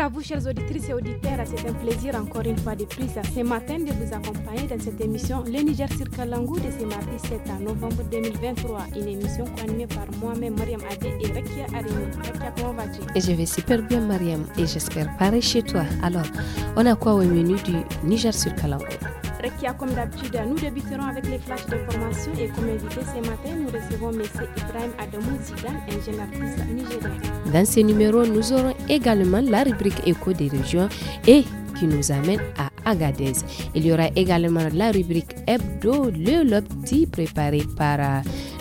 à vous, chers auditrices et auditeurs. C'est un plaisir encore une fois de plus ce matin de vous accompagner dans cette émission Le Niger sur Kalangu de ce mardi 7 novembre 2023. Une émission animée par moi-même, Mariam Adé et Rekia Arimi. Rekia, comment vas Je vais super bien, Mariam, et j'espère pareil chez toi. Alors, on a quoi au menu du Niger sur Kalangu Rekia, comme d'habitude, nous débuterons avec les flashs de formation et comme invité ce matin, nous recevons M. Ibrahim Adamou Zidane, un jeune artiste Dans ce numéro, nous aurons également la rubrique Écho des régions et qui nous amène à Agadez. Il y aura également la rubrique Hebdo, le lobby préparé par euh,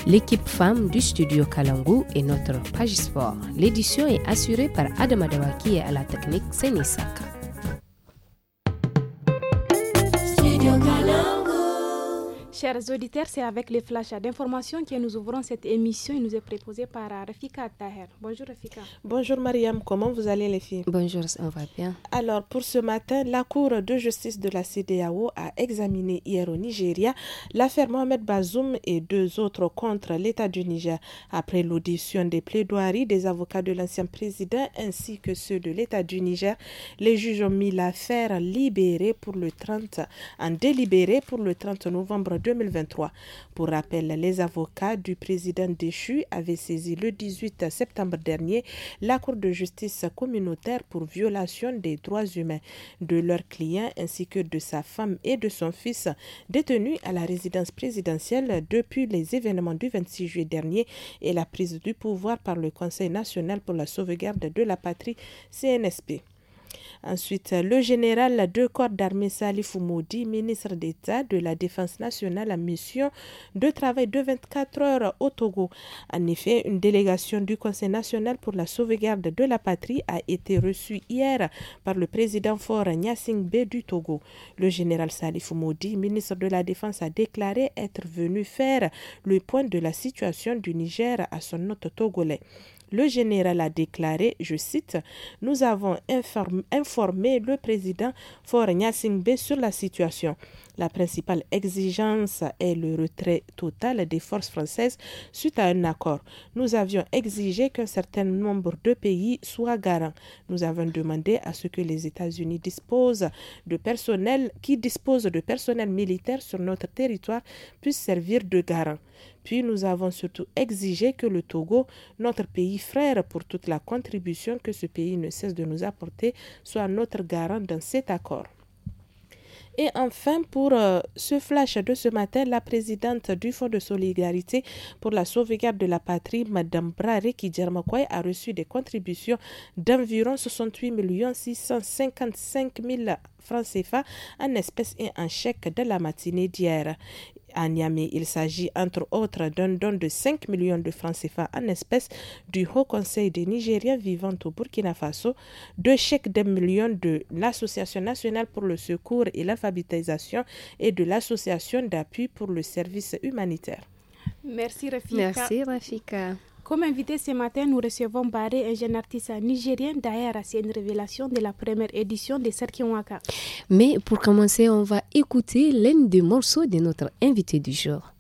l'équipe femme du studio Kalangu et notre page sport. L'édition est assurée par Adam Adawaki et à la technique Senisaka. Chers auditeurs, c'est avec les flashs d'informations que nous ouvrons cette émission. Il nous est proposé par Rafika Taher. Bonjour Rafika. Bonjour Mariam, comment vous allez les filles Bonjour, ça va bien. Alors pour ce matin, la Cour de justice de la CDAO a examiné hier au Nigeria l'affaire Mohamed Bazoum et deux autres contre l'État du Niger. Après l'audition des plaidoiries des avocats de l'ancien président ainsi que ceux de l'État du Niger, les juges ont mis l'affaire libérée pour le 30 en délibéré pour le 30 novembre 2020 pour rappel, les avocats du président déchu avaient saisi le 18 septembre dernier la Cour de justice communautaire pour violation des droits humains de leur client ainsi que de sa femme et de son fils détenus à la résidence présidentielle depuis les événements du 26 juillet dernier et la prise du pouvoir par le Conseil national pour la sauvegarde de la patrie CNSP. Ensuite, le général de corps d'armée Salif Moudi, ministre d'État de la Défense nationale, à mission de travail de 24 heures au Togo. En effet, une délégation du Conseil national pour la sauvegarde de la patrie a été reçue hier par le président fort Nyasingbe du Togo. Le général Salif Moudi, ministre de la Défense, a déclaré être venu faire le point de la situation du Niger à son hôte togolais. Le général a déclaré, je cite, Nous avons informé le président Faure Singbe sur la situation. La principale exigence est le retrait total des forces françaises suite à un accord. Nous avions exigé qu'un certain nombre de pays soient garants. Nous avons demandé à ce que les États-Unis disposent de personnel qui disposent de personnel militaire sur notre territoire puissent servir de garant. Puis nous avons surtout exigé que le Togo, notre pays frère pour toute la contribution que ce pays ne cesse de nous apporter, soit notre garant dans cet accord. Et enfin, pour euh, ce flash de ce matin, la présidente du Fonds de solidarité pour la sauvegarde de la patrie, Mme Brariki Djermakwai, a reçu des contributions d'environ 68 655 000 francs CFA en espèces et en chèques de la matinée d'hier à Il s'agit entre autres d'un don de 5 millions de francs CFA en espèces du Haut Conseil des Nigériens vivant au Burkina Faso, de chèques d'un million de l'Association nationale pour le secours et l'alphabétisation et de l'Association d'appui pour le service humanitaire. Merci Rafika. Merci Rafika. Comme invité ce matin, nous recevons Baré, un jeune artiste nigérien. D'ailleurs, c'est une révélation de la première édition de Sarki Waka. Mais pour commencer, on va écouter l'un des morceaux de notre invité du jour.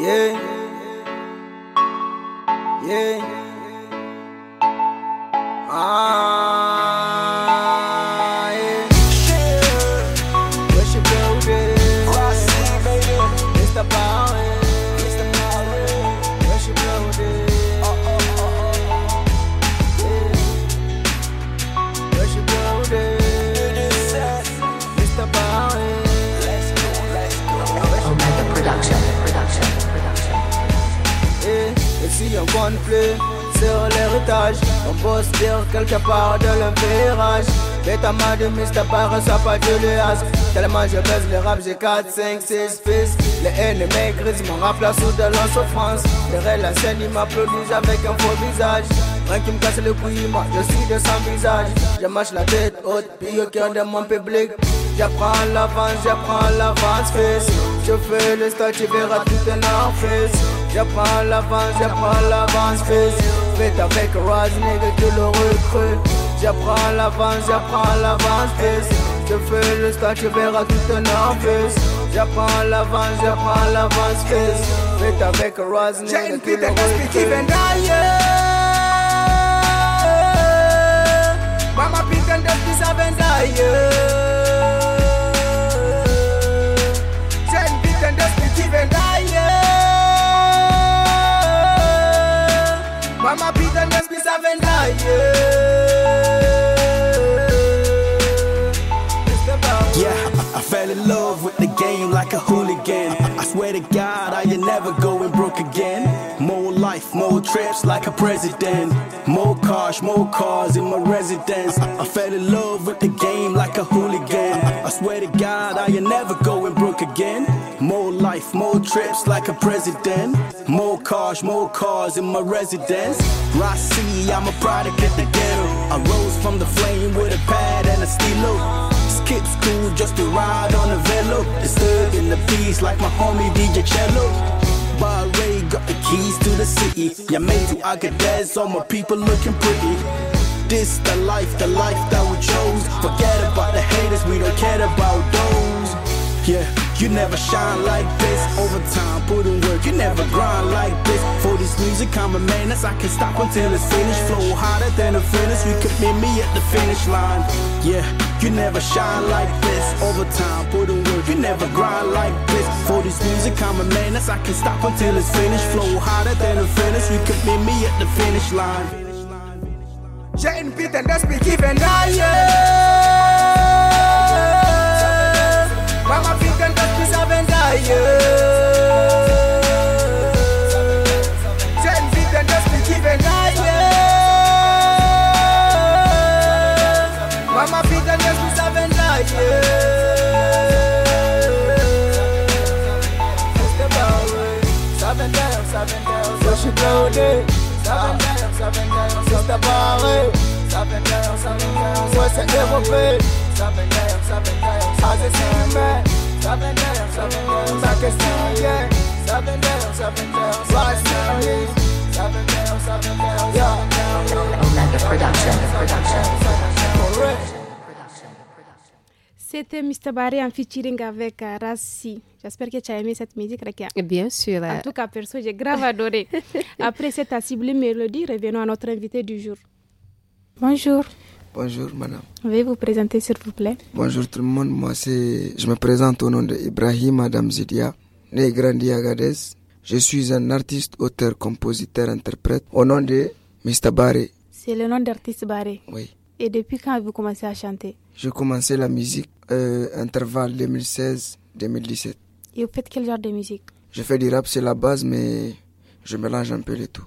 Yeah. Yeah. Ah. sur l'héritage. On se dire quelque part de le virage. Mais ta main de mise, à part, pas de liasque. Tellement je baisse le rap, j'ai 4, 5, 6 fils. Les ennemis ils mon rap la source de la souffrance. Derrière la scène, ils m'applaudissent avec un faux visage. Rien qui me casse le couille, moi je suis de sans visage. Je marche la tête haute, puis au de mon public. J'apprends l'avance, j'apprends l'avance, fils. Je fais le style, tu verras tout un fils Y'a pas l'avance, y'a pas l'avance, fais Faites avec Raz, nigga, tu le recrutes J'apprends l'avance, prends l'avance, fais Je fais le stade, tu verras tout ton office prends l'avance, j'apprends l'avance, fais Faites avec Raz, nigga, tu le recrutes J'ai une pute d'esprit qui vient d'ailleurs Mama pute d'esprit, ça vient d'ailleurs J'ai une petite d'esprit qui vient d'ailleurs Mama Peter and Miss Avenda, yeah. Yeah, I fell in love with the game like a hooligan. I, I swear to God, I ain't never going broke again. More life, more trips like a president. More cars, more cars in my residence. I, I fell in love with the game like a hooligan. I, I swear to God, I ain't never going broke again life, more trips like a president. More cars, more cars in my residence. Rossi, I'm a product of the ghetto. I rose from the flame with a pad and a stilo. Skip school just to ride on a velo. Stuck in the peace like my homie DJ Cello. Ray got the keys to the city. Yeah, made to Agadez, all my people looking pretty. This the life, the life that we chose. Forget about the haters, we don't care about those. Yeah. You never shine like this. Overtime, put in work, you never grind like this. For this music, I'm a menace. I can stop until it's finished. Flow harder than a furnace. You could meet me at the finish line. Yeah, you never shine like this. Overtime, put in work, you never grind like this. For this music, I'm a menace. I can stop until it's finished. Flow harder than a furnace. You could meet me at the finish line. Getting beat and that's be given, yeah. Mama, higher. Ten feet and just be giving. higher. Mama feet and just be seven higher. Seven down, seven down, so she blowed it. Seven down, seven down, the ball Seven down, seven down, what's the ever been? Seven down, seven down, how's it seem, man? C'était Mr. Barry en featuring avec euh, Rassi. J'espère que tu as aimé cette musique, Rekia. Bien sûr. En euh. tout cas, perso, j'ai grave adoré. Après cette ciblée mélodie, revenons à notre invité du jour. Bonjour. Bonjour, madame. Veuillez vous présenter, s'il vous plaît. Bonjour tout le monde. Moi, c'est... je me présente au nom de Ibrahim Adam Zidia, né grandi à je suis un artiste, auteur, compositeur, interprète au nom de Mr. Barré. C'est le nom d'artiste Barré. Oui. Et depuis quand avez-vous commencé à chanter J'ai commencé la musique euh, intervalle 2016-2017. Et vous faites quel genre de musique Je fais du rap, c'est la base, mais je mélange un peu les tout.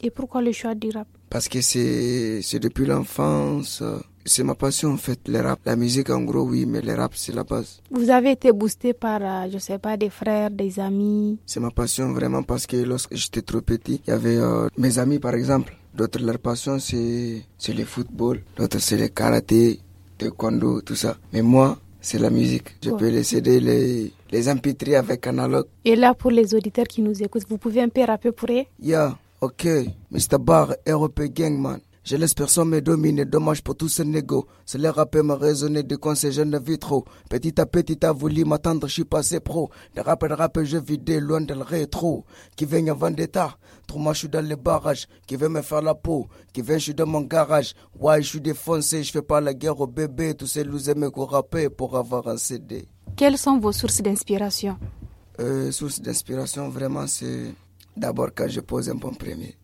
Et pourquoi le choix du rap Parce que c'est depuis l'enfance. Euh, c'est ma passion en fait, le rap. La musique en gros, oui, mais le rap c'est la base. Vous avez été boosté par, euh, je sais pas, des frères, des amis C'est ma passion vraiment parce que lorsque j'étais trop petit, il y avait euh, mes amis par exemple. D'autres, leur passion c'est, le football, d'autres c'est le karaté, le taekwondo, tout ça. Mais moi, c'est la musique. Je peux les céder les, les avec analogue. Et là, pour les auditeurs qui nous écoutent, vous pouvez un peu rapper pour eux Yeah, ok. Mr. Bar, Europe gangman je laisse personne me dominer, dommage pour tous ces négos. Cela rappel me raisonner de conseils, je ne vis trop. Petit à petit à voulu m'attendre, je suis passé pro. De rap de rap, je vidé loin de rétro. Qui vient avant d'état, trop moi je suis dans les barrages. Qui veut me faire la peau, qui vient je suis dans mon garage. Ouais, je suis défoncé, je fais pas la guerre au bébé. Tous ces lousés me rapper pour avoir un CD. Quelles sont vos sources d'inspiration euh, Sources d'inspiration, vraiment, c'est d'abord quand je pose un bon premier.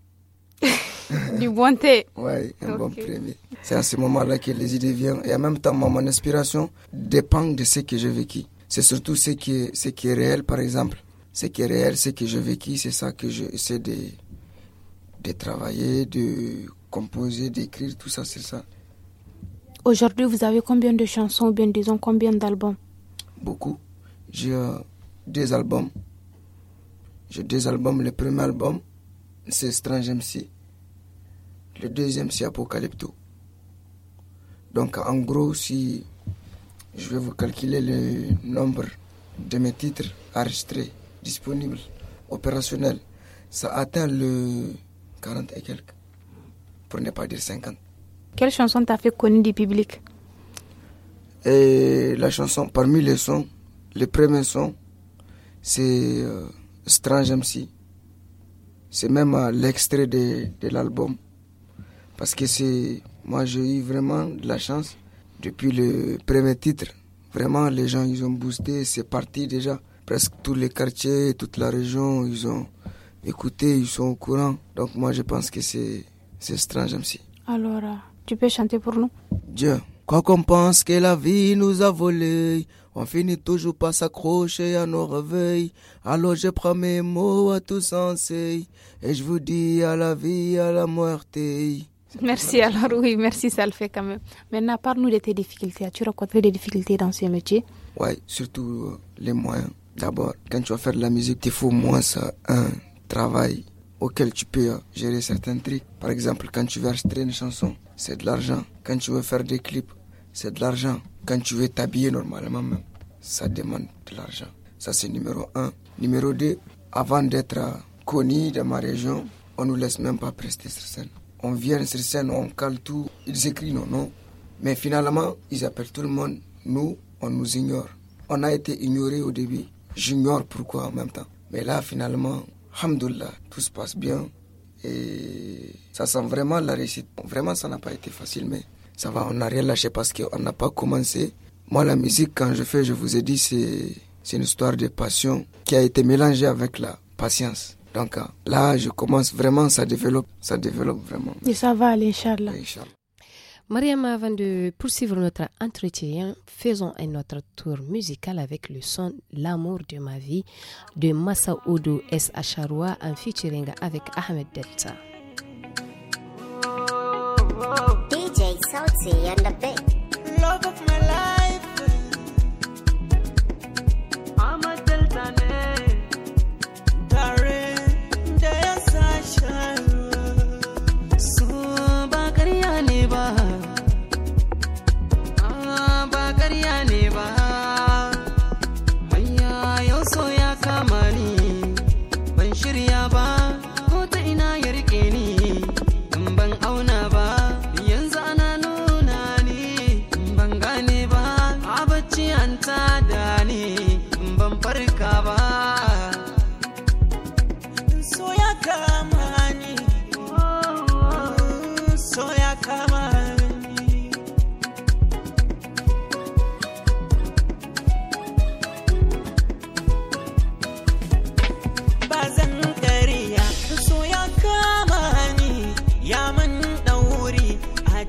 du bon thé. Oui, un bon premier. C'est à ce moment-là que les idées viennent. Et en même temps, mon inspiration dépend de ce que j'ai vécu. C'est surtout ce qui, est, ce qui est réel, par exemple. Ce qui est réel, ce que j'ai vécu, c'est ça que j'essaie de, de travailler, de composer, d'écrire, tout ça, c'est ça. Aujourd'hui, vous avez combien de chansons ou bien disons combien d'albums Beaucoup. J'ai euh, deux albums. J'ai deux albums. Le premier album, c'est Strange MC. Le deuxième, c'est Apocalypto. Donc, en gros, si je vais vous calculer le nombre de mes titres enregistrés, disponibles, opérationnels, ça atteint le 40 et quelques, pour ne pas dire 50. Quelle chanson t'a fait connue du public Et la chanson, parmi les sons, le premier son, c'est euh, Strange MC. C'est même euh, l'extrait de l'album parce que c'est, moi j'ai eu vraiment de la chance. Depuis le premier titre, vraiment les gens ils ont boosté, c'est parti déjà. Presque tous les quartiers, toute la région, ils ont écouté, ils sont au courant. Donc moi je pense que c'est, c'est strange aussi. Alors, euh, tu peux chanter pour nous Dieu, quoi qu'on pense que la vie nous a volé on finit toujours par s'accrocher à nos réveils. Alors je prends mes mots à tout sens. et je vous dis à la vie, à la mort. Merci alors, oui, merci, ça le fait quand même. Maintenant, parle-nous de tes difficultés. As-tu rencontré des difficultés dans ce métier Oui, surtout euh, les moyens. D'abord, quand tu vas faire de la musique, il faut moins un travail auquel tu peux euh, gérer certains trucs. Par exemple, quand tu veux acheter une chanson, c'est de l'argent. Quand tu veux faire des clips, c'est de l'argent. Quand tu veux t'habiller normalement ça demande de l'argent. Ça, c'est numéro un. Numéro deux, avant d'être euh, connu dans ma région, on nous laisse même pas prester sur scène on vient sur scène, on cale tout, ils écrivent nos noms. Mais finalement, ils appellent tout le monde. Nous, on nous ignore. On a été ignorés au début. J'ignore pourquoi en même temps. Mais là, finalement, Alhamdoulilah, tout se passe bien. Et ça sent vraiment la réussite. Vraiment, ça n'a pas été facile, mais ça va, on n'a rien lâché parce qu'on n'a pas commencé. Moi, la musique, quand je fais, je vous ai dit, c'est une histoire de passion qui a été mélangée avec la patience. Donc euh, là, je commence vraiment, ça développe, ça développe vraiment. Et ça va aller, Inch'Allah. Mariam, avant de poursuivre notre entretien, faisons un autre tour musical avec le son L'amour de ma vie de Massa Odo S. Acharoua en featuring avec Ahmed Delta. DJ and the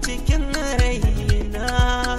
cikin raina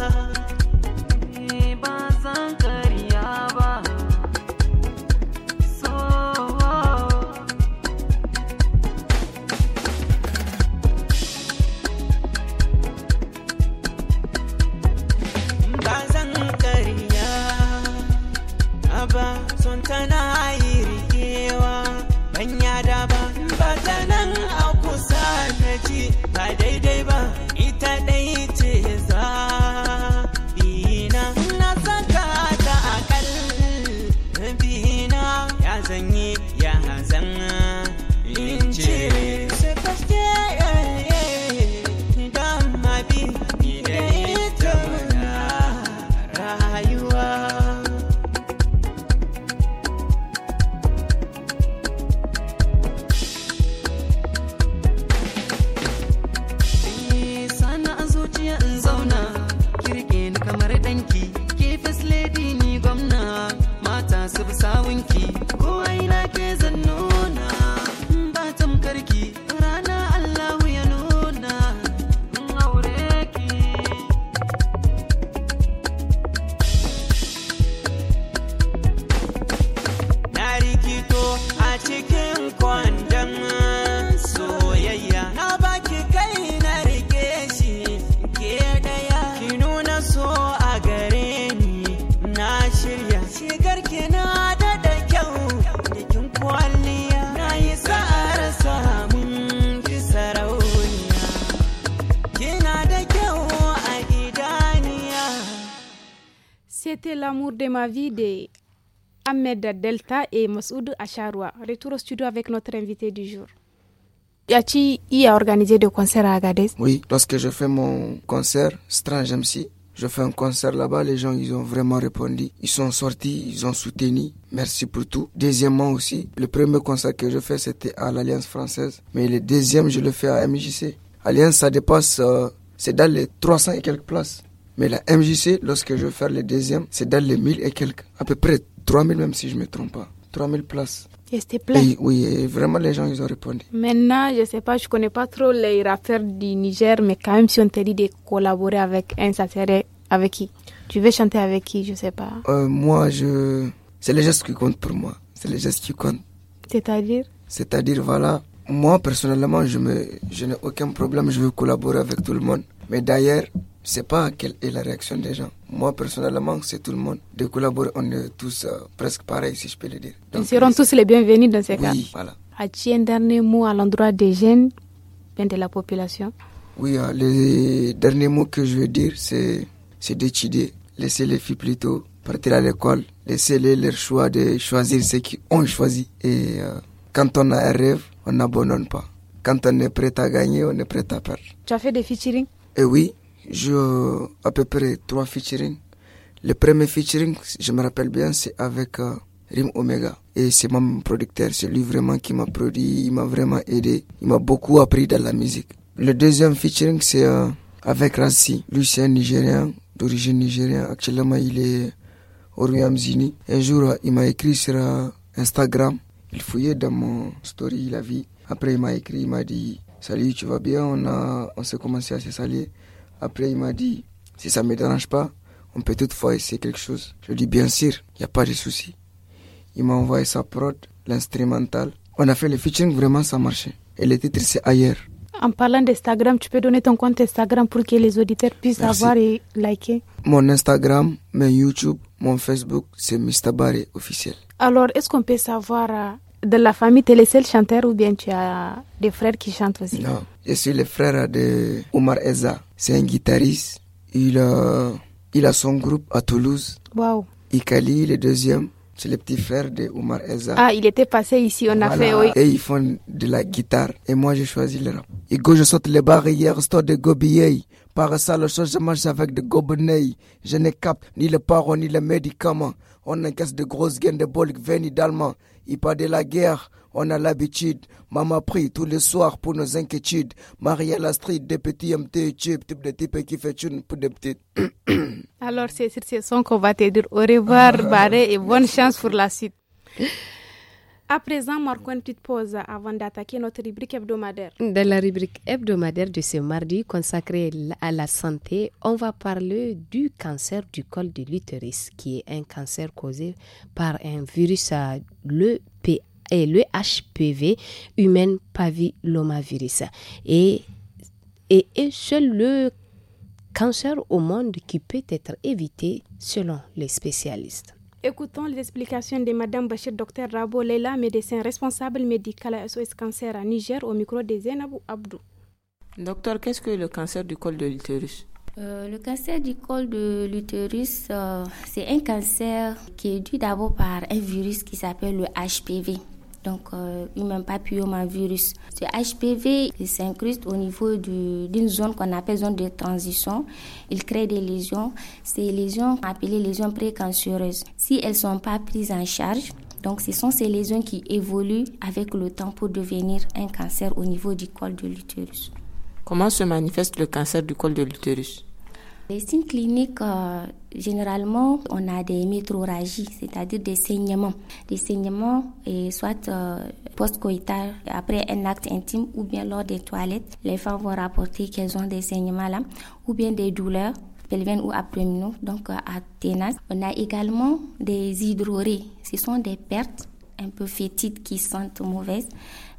avis de Ahmed Delta et Massoud Acharoua. Retour au studio avec notre invité du jour. Yachi y a organisé des concerts à Agadez Oui, lorsque je fais mon concert Strange MC, je fais un concert là-bas, les gens ils ont vraiment répondu, ils sont sortis, ils ont soutenu. Merci pour tout. Deuxièmement aussi, le premier concert que je fais c'était à l'Alliance française, mais le deuxième je le fais à MJC. Alliance ça dépasse, euh, c'est dans les 300 et quelques places. Mais la MJC, lorsque je vais faire le deuxième, c'est dans les 1000 et quelques, à peu près 3000 même si je ne me trompe pas. 3000 places. Et c'était plein. oui, et vraiment les gens, ils ont répondu. Maintenant, je ne sais pas, je ne connais pas trop les rappeurs du Niger, mais quand même, si on t'a dit de collaborer avec un, ça serait avec qui Tu veux chanter avec qui Je ne sais pas. Euh, moi, je... c'est les gestes qui comptent pour moi. C'est les gestes qui comptent. C'est-à-dire C'est-à-dire, voilà, moi, personnellement, je, me... je n'ai aucun problème, je veux collaborer avec tout le monde. Mais d'ailleurs, sais pas quelle est la réaction des gens. Moi, personnellement, c'est tout le monde. De collaborer, on est tous euh, presque pareils, si je peux le dire. Ils seront euh, tous les bienvenus dans ces oui, cas. Voilà. As-tu un dernier mot à l'endroit des jeunes, bien de la population Oui, euh, le dernier mot que je veux dire, c'est, c'est décider. Laisser les filles plutôt partir à l'école. Laisser les leur choix de choisir ce qu'ils ont choisi. Et quand on a un rêve, on n'abandonne pas. Quand on est prêt à gagner, on est prêt à perdre. Tu as fait des featuring Eh oui, j'ai euh, à peu près trois featuring. Le premier featuring, je me rappelle bien, c'est avec euh, Rim Omega. Et c'est mon producteur, c'est lui vraiment qui m'a produit, il m'a vraiment aidé, il m'a beaucoup appris dans la musique. Le deuxième featuring, c'est euh, avec Rassi. Lui, c'est un Nigérien, d'origine nigérienne. Actuellement, il est au Royaume-Uni. Un jour, il m'a écrit sur Instagram. Il fouillait dans mon story, il vie. vu. Après, il m'a écrit, il m'a dit Salut, tu vas bien On, on s'est commencé à se saluer. Après, il m'a dit, si ça ne me dérange pas, on peut toutefois essayer quelque chose. Je lui dis, bien sûr, il n'y a pas de souci. Il m'a envoyé sa prod, l'instrumental. On a fait le featuring, vraiment, ça marchait. Et le titre, c'est ailleurs. En parlant d'Instagram, tu peux donner ton compte Instagram pour que les auditeurs puissent savoir avoir et liker. Mon Instagram, mon YouTube, mon Facebook, c'est Mr. officiel. Alors, est-ce qu'on peut savoir euh, de la famille, tu es le seul chanteur ou bien tu as des frères qui chantent aussi Non, je suis le frère de Eza. C'est un guitariste. Euh, il a, son groupe à Toulouse. Waouh. Ikali, le deuxième. C'est le petit frère de Eza. Ah, il était passé ici, on a fait, oui. Et ils font de la guitare. Et moi, j'ai choisi le rap. Et go, je saute les barrières, store de Gobillé. Par ça, le je mange avec des gobelets. Je ne cap ni le paro ni les médicaments. On encaisse de grosses gaines de bol venus d'Allemagne et pas de la guerre. On a l'habitude. Maman prie tous les soirs pour nos inquiétudes. Marie à la street, des petits MT, type, de type qui fait une pour des petites. Alors, c'est sur ces son qu'on va te dire au revoir, ah. Barré, et bonne chance pour la suite. À présent, marquons une petite pause avant d'attaquer notre rubrique hebdomadaire. Dans la rubrique hebdomadaire de ce mardi consacrée à la santé, on va parler du cancer du col de l'utérus, qui est un cancer causé par un virus, euh, le HPV, euh, humain papillomavirus. Et, et, seul le cancer au monde qui peut être évité selon les spécialistes. Écoutons les explications de Mme Bachet, docteur Rabo Leila, médecin responsable médical à SOS Cancer à Niger, au micro de Zainabou Abdou. Docteur, qu'est-ce que le cancer du col de l'utérus euh, le cancer du col de l'utérus, euh, c'est un cancer qui est dû d'abord par un virus qui s'appelle le HPV donc euh, un virus. Ce HPV s'incruste au niveau d'une zone qu'on appelle zone de transition. Il crée des lésions, ces lésions appelées lésions précancéreuses. Si elles ne sont pas prises en charge, donc ce sont ces lésions qui évoluent avec le temps pour devenir un cancer au niveau du col de l'utérus. Comment se manifeste le cancer du col de l'utérus les signes cliniques, euh, généralement, on a des métroragies, c'est-à-dire des saignements. Des saignements, soit euh, post après un acte intime, ou bien lors des toilettes, les femmes vont rapporter qu'elles ont des saignements là, ou bien des douleurs pelviennes ou abdominaux, donc à euh, ténas. On a également des hydrorées, ce sont des pertes un peu fétides qui sentent mauvaises.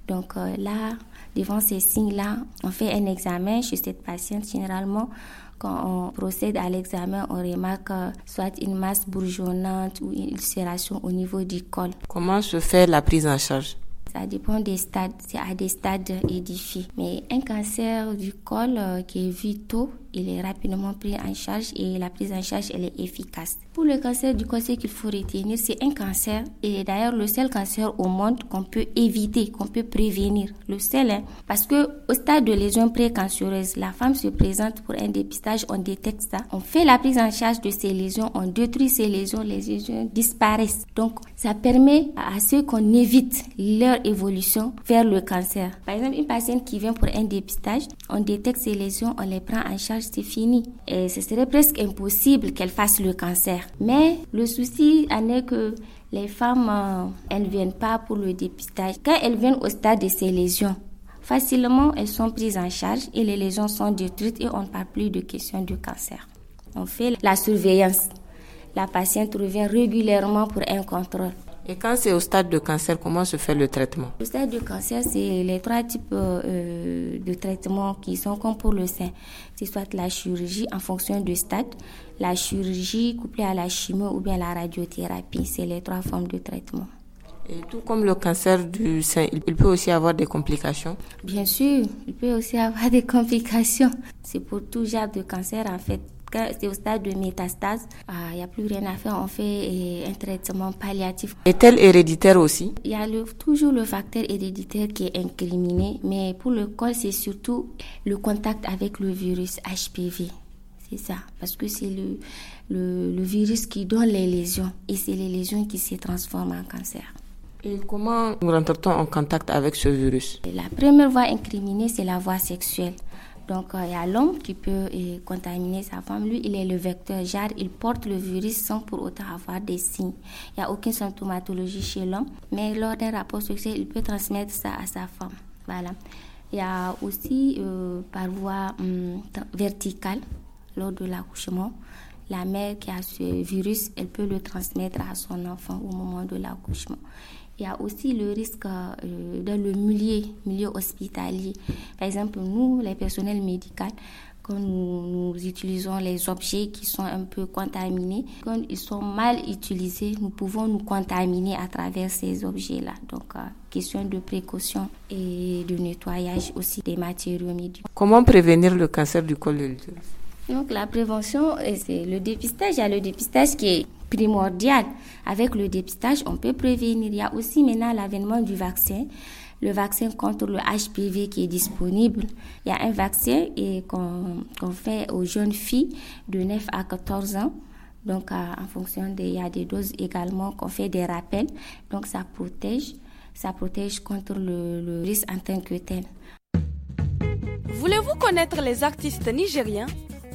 Donc là, devant ces signes-là, on fait un examen chez cette patiente généralement quand on procède à l'examen, on remarque euh, soit une masse bourgeonnante ou une ulcération au niveau du col. Comment se fait la prise en charge ça dépend des stades, c'est à des stades édifiés. Mais un cancer du col euh, qui est vu il est rapidement pris en charge et la prise en charge, elle est efficace. Pour le cancer du col, qu'il faut retenir, c'est un cancer et d'ailleurs le seul cancer au monde qu'on peut éviter, qu'on peut prévenir. Le seul, hein. parce que au stade de lésion pré-cancéreuse la femme se présente pour un dépistage, on détecte ça, on fait la prise en charge de ces lésions, on détruit ces lésions, les lésions disparaissent. Donc, ça permet à ceux qu'on évite leur évolution vers le cancer. Par exemple, une patiente qui vient pour un dépistage, on détecte ces lésions, on les prend en charge c'est fini. Et ce serait presque impossible qu'elle fasse le cancer. Mais le souci en est que les femmes, euh, elles ne viennent pas pour le dépistage. Quand elles viennent au stade de ces lésions, facilement elles sont prises en charge et les lésions sont détruites et on ne parle plus de question du cancer. On fait la surveillance. La patiente revient régulièrement pour un contrôle. Et quand c'est au stade de cancer, comment se fait le traitement Le stade de cancer, c'est les trois types euh, de traitements qui sont comme pour le sein. C'est soit la chirurgie en fonction du stade, la chirurgie couplée à la chimie ou bien la radiothérapie. C'est les trois formes de traitement. Et tout comme le cancer du sein, il peut aussi avoir des complications Bien sûr, il peut aussi avoir des complications. C'est pour tout genre de cancer en fait c'est au stade de métastase, il ah, n'y a plus rien à faire, on fait un traitement palliatif. Est-elle héréditaire aussi Il y a toujours le facteur héréditaire qui est incriminé, mais pour le col, c'est surtout le contact avec le virus HPV. C'est ça, parce que c'est le, le, le, virus qui donne les lésions et c'est les lésions qui se transforment en cancer. Et comment nous rentrons en contact avec ce virus La première voie incriminée, c'est la voie sexuelle. Donc, euh, il y a l'homme qui peut euh, contaminer sa femme. Lui, il est le vecteur, genre, il porte le virus sans pour autant avoir des signes. Il n'y a aucune symptomatologie chez l'homme, mais lors d'un rapport sexuel, il peut transmettre ça à sa femme. Voilà. Il y a aussi euh, par voie hum, verticale, lors de l'accouchement, la mère qui a ce virus, elle peut le transmettre à son enfant au moment de l'accouchement. Il y a aussi le risque euh, dans le milieu, milieu hospitalier. Par exemple, nous, les personnels médicaux, quand nous, utilisons les objets qui sont un peu contaminés, quand ils sont mal utilisés, nous pouvons nous contaminer à travers ces objets-là. Donc, euh, question de précaution et de nettoyage aussi des matériaux médicaux. Comment prévenir le cancer du col de l'utérus donc la prévention, euh, c'est le dépistage. Il y a le dépistage qui est primordial. Avec le dépistage, on peut prévenir. Il y a aussi maintenant l'avènement du vaccin le vaccin contre le HPV qui est disponible. Il y a un vaccin qu'on fait aux jeunes filles de 9 à 14 ans. Donc, en fonction des, il y a des doses également qu'on fait des rappels. Donc, ça protège, ça protège contre le, le risque en tant que tel. Voulez-vous connaître les artistes nigériens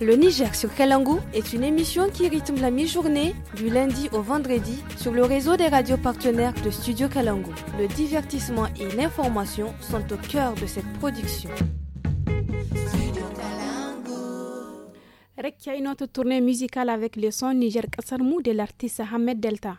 Le Niger sur Kalangu est une émission qui rythme la mi-journée du lundi au vendredi sur le réseau des radios partenaires de Studio Kalangu. Le divertissement et l'information sont au cœur de cette production. Rekia, une autre tournée musicale avec les son Niger Kassarmou de l'artiste Ahmed Delta.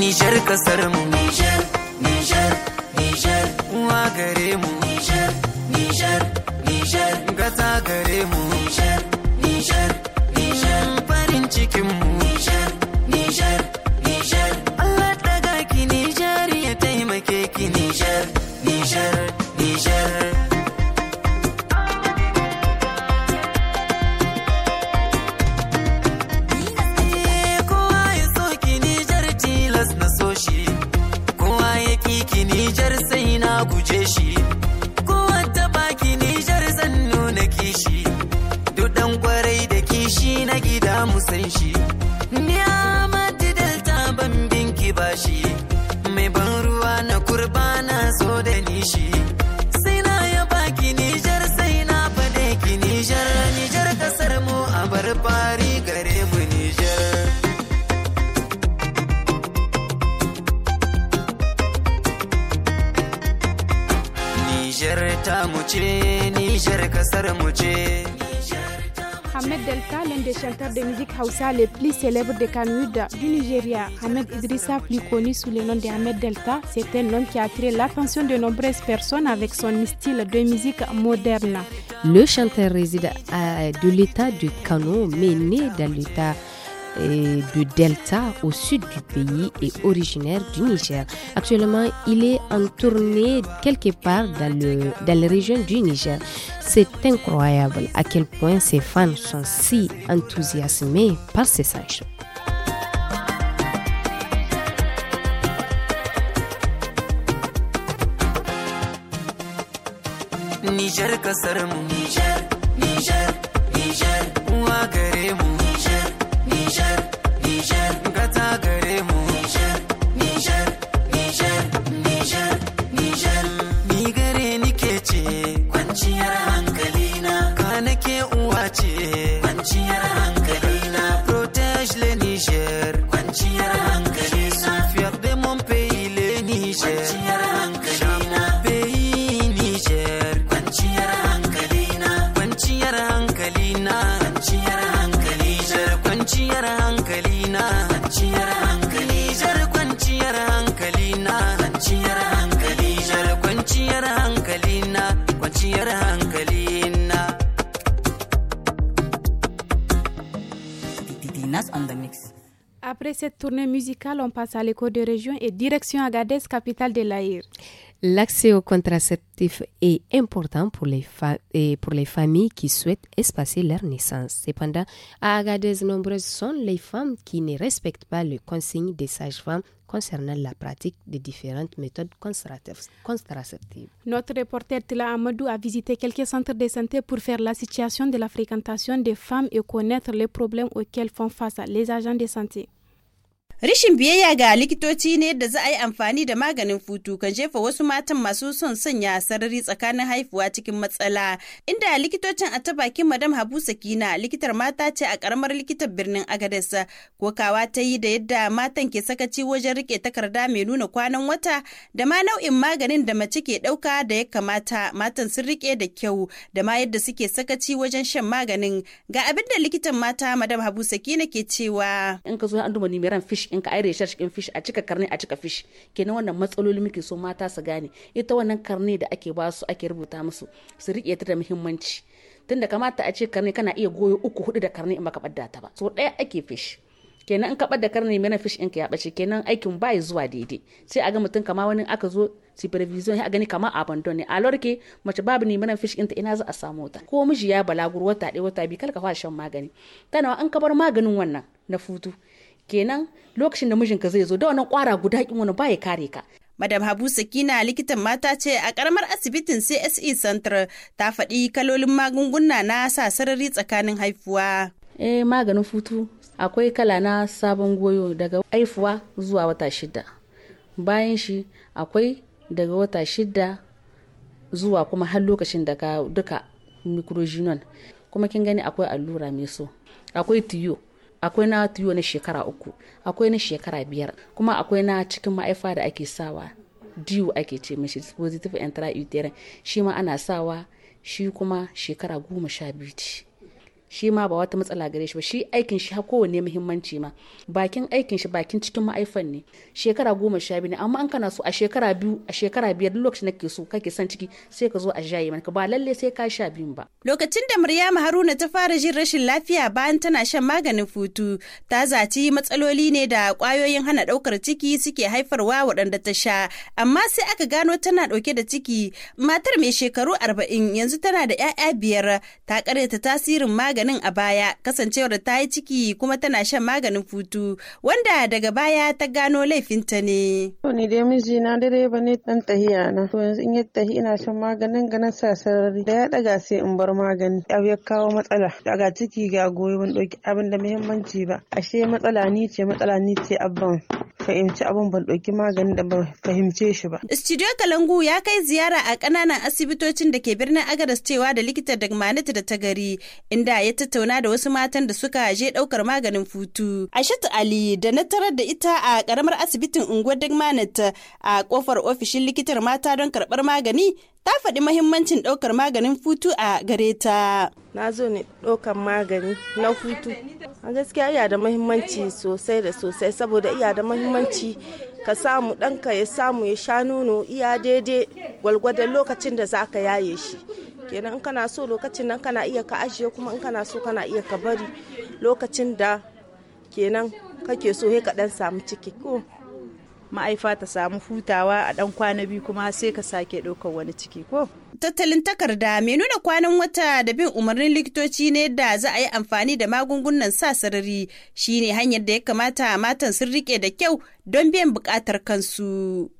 Niger Kassarmou, Niger, Niger. Nijar, uwa gare mu. Nijar, Nijar, Nijar, gata gare mu. Nijar, Nijar, Nijar, mm, farin cikin mu. Nijar. guje shi chanteur de musique Hausa le plus célèbre des Kanouid du Nigeria. Ahmed Idrissa, plus connu sous le nom de Ahmed Delta, c'est un homme qui a attiré l'attention de nombreuses personnes avec son style de musique moderne. Le chanteur réside à, de l'état du Kano, mais né dans l'état de Delta au sud du pays et originaire du Niger. Actuellement, il est en tournée quelque part dans, dans la région du Niger. C'est incroyable à quel point ces fans sont si enthousiasmés par ces sages. Niger Niger Niger Niger Après cette tournée musicale, on passe à l'école de région et direction Agadez, capitale de l'Aïr. L'accès aux contraceptifs est important pour les, pour les familles qui souhaitent espacer leur naissance. Cependant, à Agadez, nombreuses sont les femmes qui ne respectent pas les consignes des sages-femmes concernant la pratique des différentes méthodes contraceptives. Notre reporter Tila Amadou a visité quelques centres de santé pour faire la situation de la fréquentation des femmes et connaître les problèmes auxquels font face les agents de santé. Rishin biyayya ga likitoci ne yadda za a yi amfani da maganin futu kan jefa wasu matan masu son sanya sarari tsakanin haifuwa cikin matsala. Inda likitocin a ta bakin Madam Habu Sakina likitar mata ce a karamar likitar birnin Agadez kokawa ta yi da yadda matan ke sakaci wajen rike takarda mai nuna kwanan wata da ma nau'in maganin da mace ke ɗauka da ya kamata matan sun rike da kyau da ma yadda suke sakaci wajen shan maganin. Ga abin da likitan mata Madam Habu Sakina ke cewa. In ka zo an duba ni in ka aire shi in fish a cika karne a cika fish kenan wannan matsaloli muke so mata su gane ita wannan karni da ake ba su ake rubuta musu su riƙe ta da muhimmanci tunda kamata a ce karni kana iya goyo uku hudu da karni in baka badda ta ba so ɗaya ake fish kenan in ka da karni mana fish ɗinka ya ɓace kenan aikin ba zuwa daidai sai a ga mutum kama wani aka zo supervision a gani kama abandon ne a lorke mace babu ne mana fish ɗinta ina za a samu ta ko miji ya balagur wata ɗaya wata biyu kar ka fara shan magani tana in ka bar maganin wannan na futu kenan lokacin da mijinka zai zo da wannan kwara guda kin wani baya kare ka Madam Habu Sakina likitan mata ce a karamar asibitin CSE Center ta faɗi kalolin magunguna na sa sarari tsakanin haifuwa. Eh maganin futu akwai kala na sabon goyo daga haifuwa zuwa wata shida. Bayan shi akwai daga wata shida zuwa kuma har lokacin daga duka microgynon kuma kin gani akwai allura mai so akwai tiyo akwai na tuyo na shekara uku akwai na shekara biyar kuma akwai na cikin ma'aifa da ake sawa diyu ake ce mashi dispositive intrauterine shi ma ana sawa shi kuma shekara goma sha biyu ce shi ma ba wata matsala gare shi ba shi aikin shi ne muhimmanci ma bakin aikin shi bakin cikin ma'aifan ne shekara goma sha biyu ne amma an kana so a shekara biyu a shekara biyar lokacin nake so kake san ciki sai ka zo a jaye maka ba lalle sai ka sha biyun ba. lokacin da Maryama Haruna ta fara jin rashin lafiya bayan tana shan maganin futu ta zaci matsaloli ne da kwayoyin hana daukar ciki suke haifarwa waɗanda ta sha amma sai aka gano tana ɗauke da ciki matar mai shekaru arba'in yanzu tana da 'ya'ya biyar ta karyata tasirin maganin maganin a baya kasancewar ta yi ciki kuma tana shan maganin futu wanda daga baya ta gano laifinta ne. To ni dai miji na direba ne dan tahiya na. To yanzu in ya tahi ina shan maganin ganin sa sarari da ya daga sai in bar magani. Abu ya kawo matsala daga ciki ga goyon ɗauki abin da muhimmanci ba. Ashe matsala ni ce matsala ni ce abban. fahimci abin ban ɗauki magani da ban fahimce shi ba. Studio Kalangu ya kai ziyara a ƙananan asibitocin da ke birnin Agadas cewa da likitar da manita da ta gari inda ya tattauna da wasu matan da suka je ɗaukar maganin futu. Aishatu Ali da na tarar da ita a ƙaramar asibitin unguwar Dagmanat a kofar ofishin likitar mata don karɓar magani ta faɗi mahimmancin ɗaukar maganin futu a gare ta. Na zo ne ɗaukar magani na futu A gaskiya iya da mahimmanci sosai da sosai saboda iya da mahimmanci ka samu ɗanka ya samu ya sha nono iya daidai gwalgwadon lokacin da za ka yaye shi. Kenan in kana so lokacin nan kana iya ka ajiye kuma in kana so kana iya ka bari lokacin da kenan kake so ka ɗan samu ciki ko ma'aifa ta samu hutawa a dan kwana biyu kuma sai ka sake ɗaukar wani ciki ko tattalin takarda mai nuna kwanan wata da bin umarnin likitoci ne da za a yi amfani da magungunan sa sarari shine hanyar da ya kamata matan sun rike da kyau don biyan bukatar kansu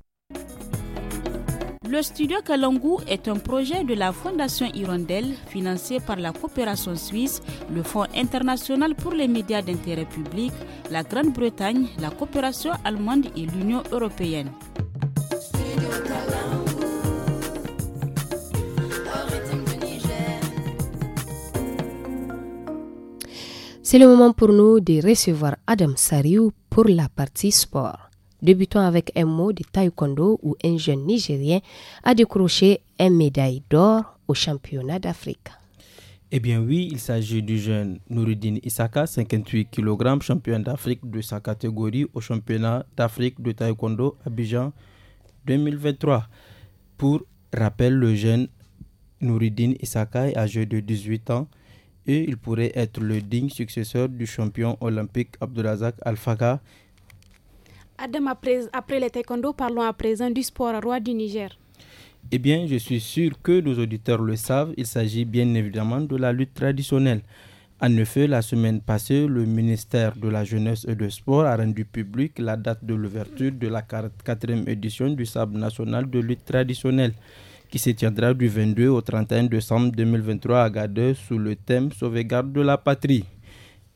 Le studio Kalangu est un projet de la Fondation Hirondelle financé par la coopération suisse, le Fonds international pour les médias d'intérêt public, la Grande-Bretagne, la coopération allemande et l'Union européenne. C'est le moment pour nous de recevoir Adam Sariou pour la partie sport débutant avec un mot de taekwondo où un jeune Nigérien a décroché une médaille d'or au championnat d'Afrique. Eh bien oui, il s'agit du jeune Nouridine Isaka, 58 kg, champion d'Afrique de sa catégorie au championnat d'Afrique de taekwondo Abidjan 2023. Pour rappel, le jeune Nouridine Isaka est âgé de 18 ans et il pourrait être le digne successeur du champion olympique Abdulazak al faka Adam, après, les taekwondo, parlons à présent du sport roi du Niger. Eh bien, je suis sûr que nos auditeurs le savent, il s'agit bien évidemment de la lutte traditionnelle. En effet, la semaine passée, le ministère de la Jeunesse et du Sport a rendu public la date de l'ouverture de la quatrième édition du Sable national de lutte traditionnelle, qui se tiendra du 22 au 31 décembre 2023 à Gadeux sous le thème Sauvegarde de la patrie.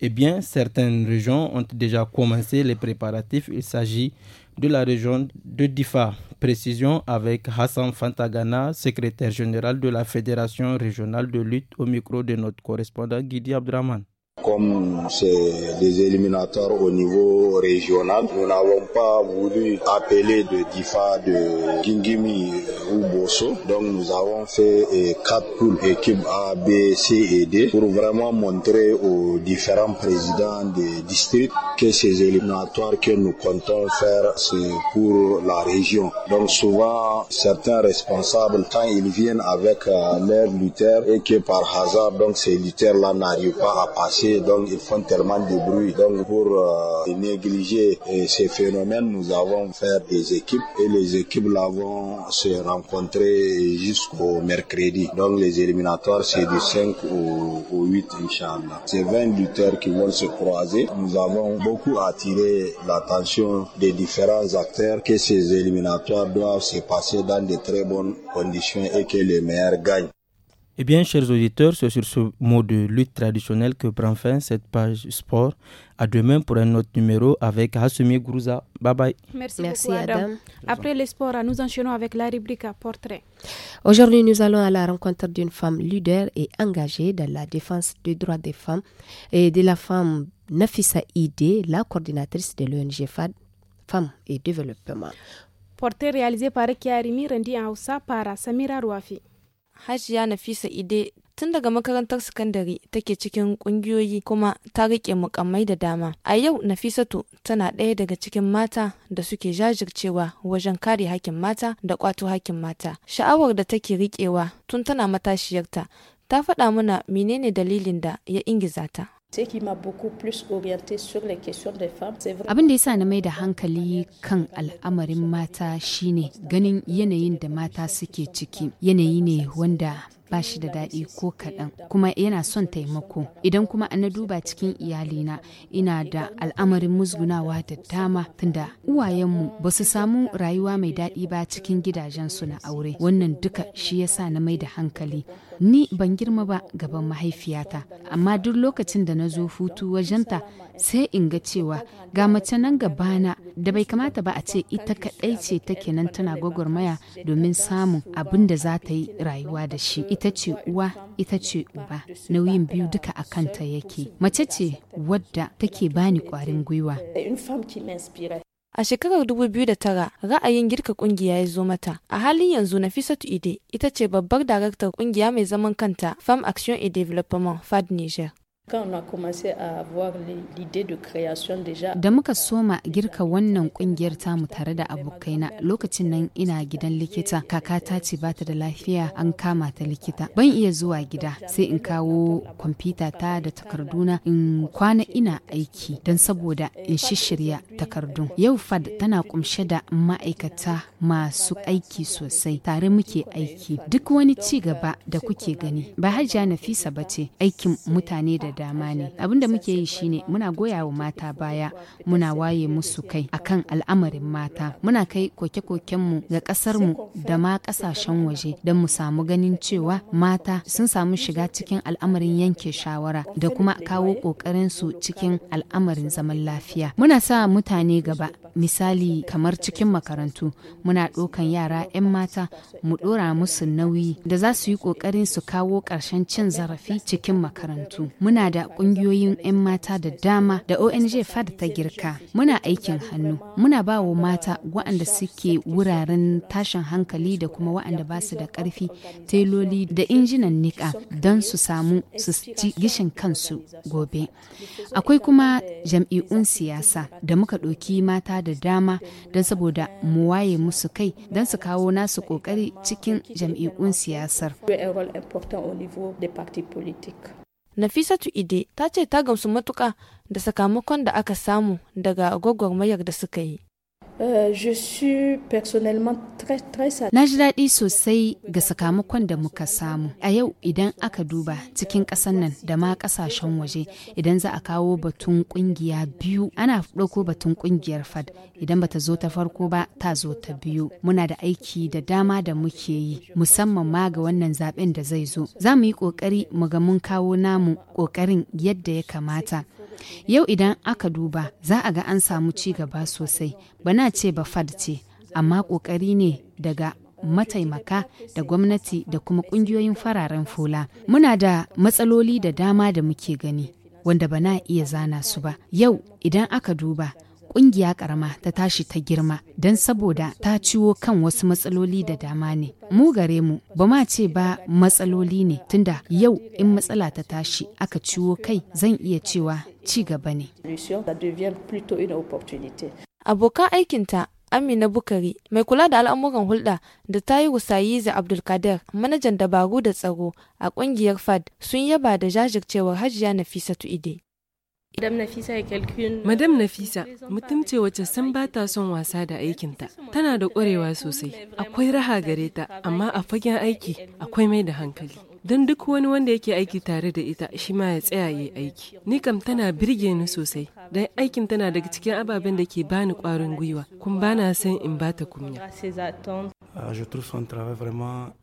Eh bien, certaines régions ont déjà commencé les préparatifs. Il s'agit de la région de Difa. Précision avec Hassan Fantagana, secrétaire général de la Fédération régionale de lutte au micro de notre correspondant Guidi Abdraman. Comme c'est des éliminatoires au niveau régional, nous n'avons pas voulu appeler de Difa, de Gingimi ou Bosso. Donc nous avons fait eh, quatre poules, équipe A, B, C et D, pour vraiment montrer aux différents présidents des districts que ces éliminatoires que nous comptons faire, c'est pour la région. Donc souvent, certains responsables, quand ils viennent avec euh, leurs lutteurs et que par hasard, donc ces lutteurs-là n'arrivent pas à passer donc ils font tellement de bruit. Donc pour euh, négliger ces phénomènes, nous avons fait des équipes et les équipes l'avons se rencontrer jusqu'au mercredi. Donc les éliminatoires, c'est du 5 au, au 8, Inch'Allah. C'est 20 lutteurs qui vont se croiser. Nous avons beaucoup attiré l'attention des différents acteurs que ces éliminatoires doivent se passer dans de très bonnes conditions et que les meilleurs gagnent. Eh bien, chers auditeurs, c'est sur ce mot de lutte traditionnelle que prend fin cette page sport. À demain pour un autre numéro avec Hassemi Grouza. Bye bye. Merci, Merci beaucoup, Adam. Après les sports, nous enchaînons avec la rubrique à portrait. Aujourd'hui, nous allons à la rencontre d'une femme leader et engagée dans la défense des droits des femmes et de la femme Nafisa Idé, la coordinatrice de l'ONG FAD, Femmes et Développement. Portrait réalisé par Kiarimi Rendi Aoussa par Samira Rouafi. Hajiya Nafisa Ide tun daga makarantar sakandare take cikin kungiyoyi kuma ta riƙe mukammai da dama. A yau Nafisatu tana ɗaya daga cikin mata da suke jajircewa wajen kare hakkin mata da kwato hakkin mata. Sha'awar da take riƙewa tun tana matashiyarta ta faɗa mana menene dalilin da ya ingiza ta. Abin da ya sa na mai da hankali kan al'amarin mata shine ganin yanayin da mata suke ciki yanayi ne wanda ba shi da daɗi ko kaɗan kuma yana son taimako idan kuma na duba cikin iyalina ina da al'amarin musgunawa da dama tunda uwayenmu ba su samu rayuwa mai daɗi ba cikin gidajensu na aure wannan duka shi ya sa na mai da hankali ni ban girma ba gaban mahaifiyata amma duk lokacin da na zo hutu wajenta sai in ga cewa ga mace nan gabana da bai kamata ba a ce ita kaɗai ce take nan tana gwagwarmaya domin samun abin da za ta yi rayuwa da shi ita ce uwa ita ce uba nauyin biyu duka a kanta yake mace ce wadda take bani ƙwarin gwiwa A shekarar 2009 ra'ayin girka kungiya ya zo mata. A halin yanzu Nafisatu Ide ita ce babbar daraktar kungiya mai zaman kanta Farm Action et Development FAD Niger. Da muka soma girka wannan kungiyar tamu tare da abokaina lokacin nan ina gidan likita kaka ta ce ba ta da lafiya an kama ta likita. Ban iya zuwa gida sai in kawo kwamfuta ta da takarduna in kwana ina aiki don saboda in shishirya takardun. Yau FAD tana kumshe da ma'aikata masu aiki sosai tare muke aiki. Duk wani ci gaba da kuke gani ba hajiya Nafisa ba ce aikin mutane da dama ne abinda muke yi shine muna goya wa mata baya muna waye musu kai akan al'amarin mata muna kai koke-kokenmu ga ƙasarmu da ma ƙasashen waje don mu samu ganin cewa mata sun samu shiga cikin al'amarin yanke shawara da kuma kawo su cikin al'amarin zaman lafiya muna sa mutane gaba misali kamar cikin makarantu muna ɗaukan yara 'yan mata mu ɗora musu nauyi da za su yi ƙoƙarin su kawo ƙarshen cin zarafi cikin makarantu muna muna da ƙungiyoyin 'yan mata da dama da ONG fada ta girka. Muna aikin hannu, muna ba wa mata waɗanda suke wuraren tashin hankali da kuma waɗanda ba su da ƙarfi, teloli da injinan niƙa don su samu su ci gishin kansu gobe. Akwai kuma jam'i'un siyasa da muka ɗoki mata da dama don saboda mu waye musu kai don su kawo nasu ƙoƙari cikin jam'i'un siyasar. Nafisatu Ide ta ce ta gamsu matuƙa da sakamakon da aka samu daga gwagwarmayar da suka yi. Euh, na ji daɗi sosai ga sakamakon da muka samu. A yau idan aka duba cikin ƙasar nan da ma ƙasashen waje idan za a kawo batun ƙungiya biyu ana ɗauko batun ƙungiyar FAD idan bata zo ta farko ba ta zo ta biyu. Muna da aiki da dama da muke yi musamman ma ga wannan zaɓen da zai zo. Za mu yi ƙoƙari mu ga mun kawo namu ƙoƙarin yadda ya kamata. Yau idan aka duba za a ga an samu ci gaba sosai. Bana ce ba fad ce, amma ƙoƙari ne daga mataimaka da gwamnati da kuma ƙungiyoyin fararen fula. Muna da matsaloli da dama da muke gani, wanda bana iya zana su ba. Yau idan aka duba, kungiya karama ta tashi ta girma don saboda ta ciwo kan wasu matsaloli da dama ne mu gare mu ba ma ce ba matsaloli ne tunda yau in matsala ta tashi aka ciwo kai zan iya cewa ci gaba ne abokan aikinta Amina Bukari, mai kula da al'amuran hulɗa da ta wusayi Sayiza Abdulkader, manajan dabaru da tsaro a kungiyar FAD sun yaba da jajircewar Hajiya Nafisatu Ide. Madam Nafisa mutum ce wacce san ba ta son wasa da aikinta. Tana da ƙwarewa sosai. Akwai raha gare ta, amma a fagen aiki akwai mai da hankali. Don duk wani wanda yake aiki tare da ita shi ma ya tsaya aiki. Ni kam tana birge ni sosai. Don aikin tana daga cikin ababen da ke bani ƙwarin gwiwa, kuma bana son in bata kunya. Ah,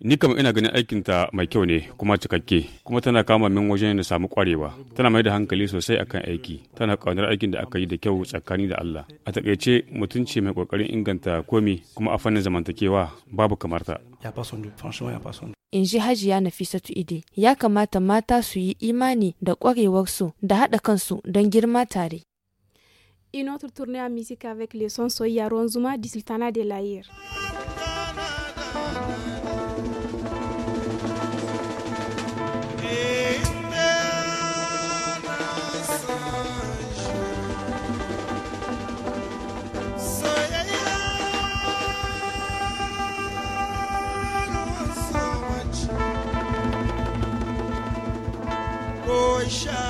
Ni kam ina ganin aikinta mai kyau ne kuma cikakke kuma tana kama min wajen da samu kwarewa tana mai da hankali sosai akan aiki tana kaunar aikin da aka yi da kyau tsakani da Allah a takaice mutunci mai kokarin inganta komi kuma a fannin zamantakewa babu kamar ta. In ji Hajiya Nafisatu Ide, ya kamata mata su yi imani da kwarewarsu da haɗa kansu don girma tare. Une autre tournée en musique avec les sons Soya zuma du Sultanat de l'Aïr. worship.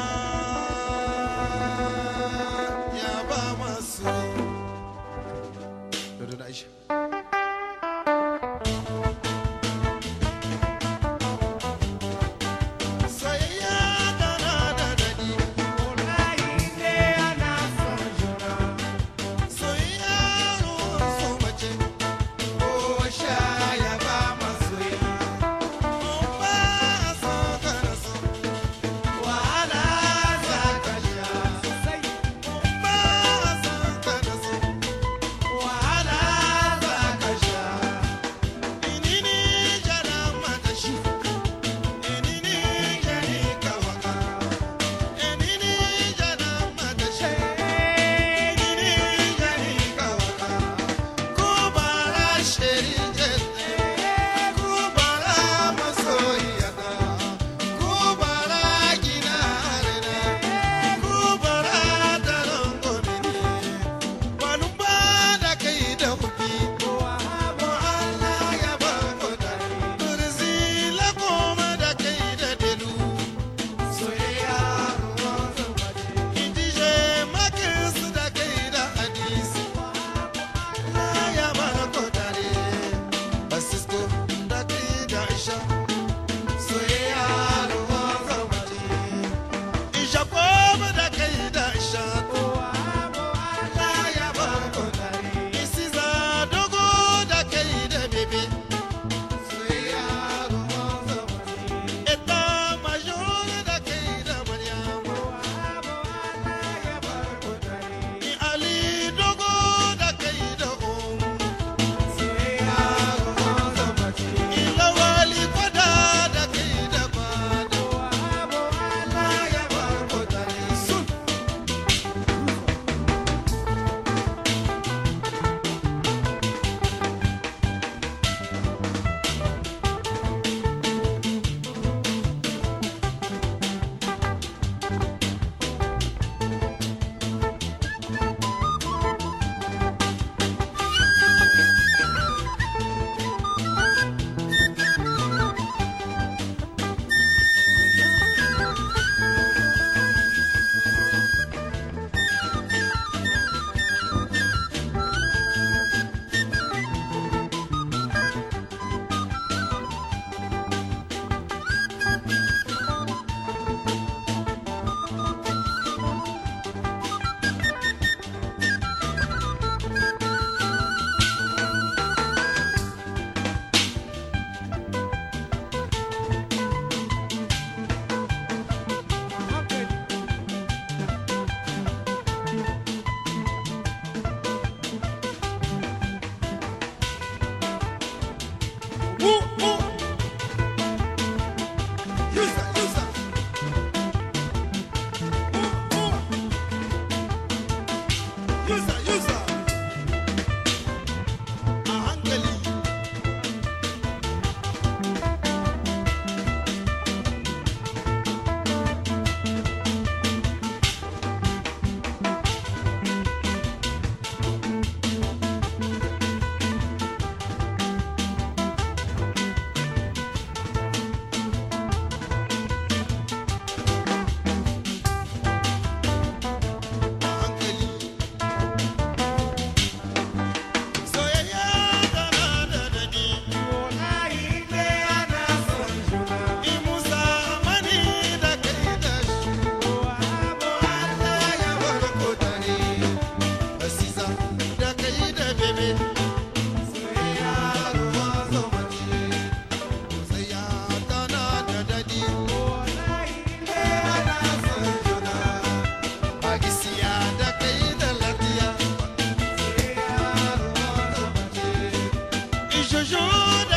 Jojo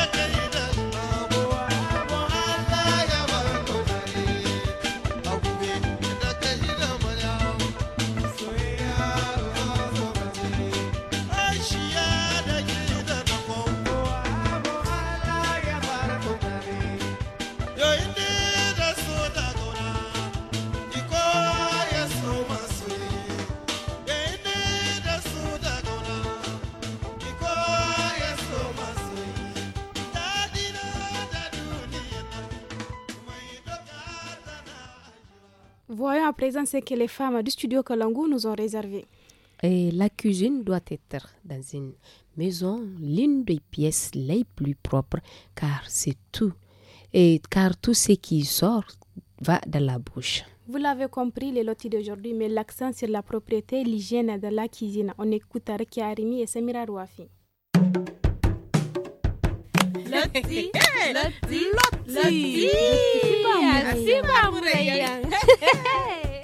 présence que les femmes du studio Kalangu nous ont réservé. Et la cuisine doit être dans une maison, l'une des pièces les plus propres, car c'est tout. Et car tout ce qui sort va dans la bouche. Vous l'avez compris, les lotis d'aujourd'hui mais l'accent sur la propriété, l'hygiène de la cuisine. On écoute Rekia Arimi et Samira Rouafi. Let's see. Loti. Loti. Loti.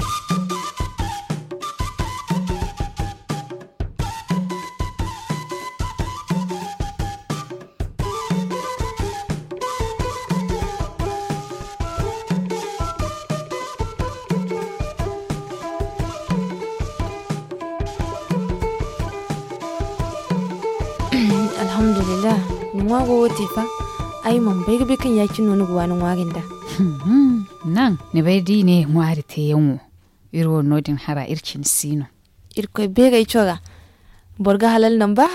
ngwago wote fa ai man bai ga bikin yakin nan nan ne bai di te irwo nodin hara irkin sino irko bai un peu borga halal namba ba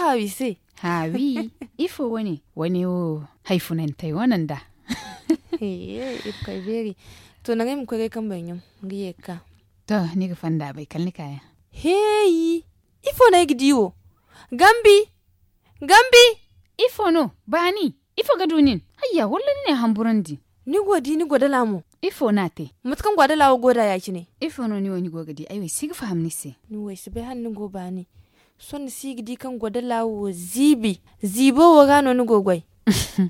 hawi ifo wani wani o haifunan tai wannan da irko to to gambi gambi ifo no bani ifo gadunin hayya wallan ne di. ni godi ni godala lamu ifo na te mutkan gwada wo goda ya ne ifo no ni woni gogadi ai wai sigi fahamni se ni wai su bai hannu go bani son sigi di kan gwada wo zibi zibo wo gano ni gogwai.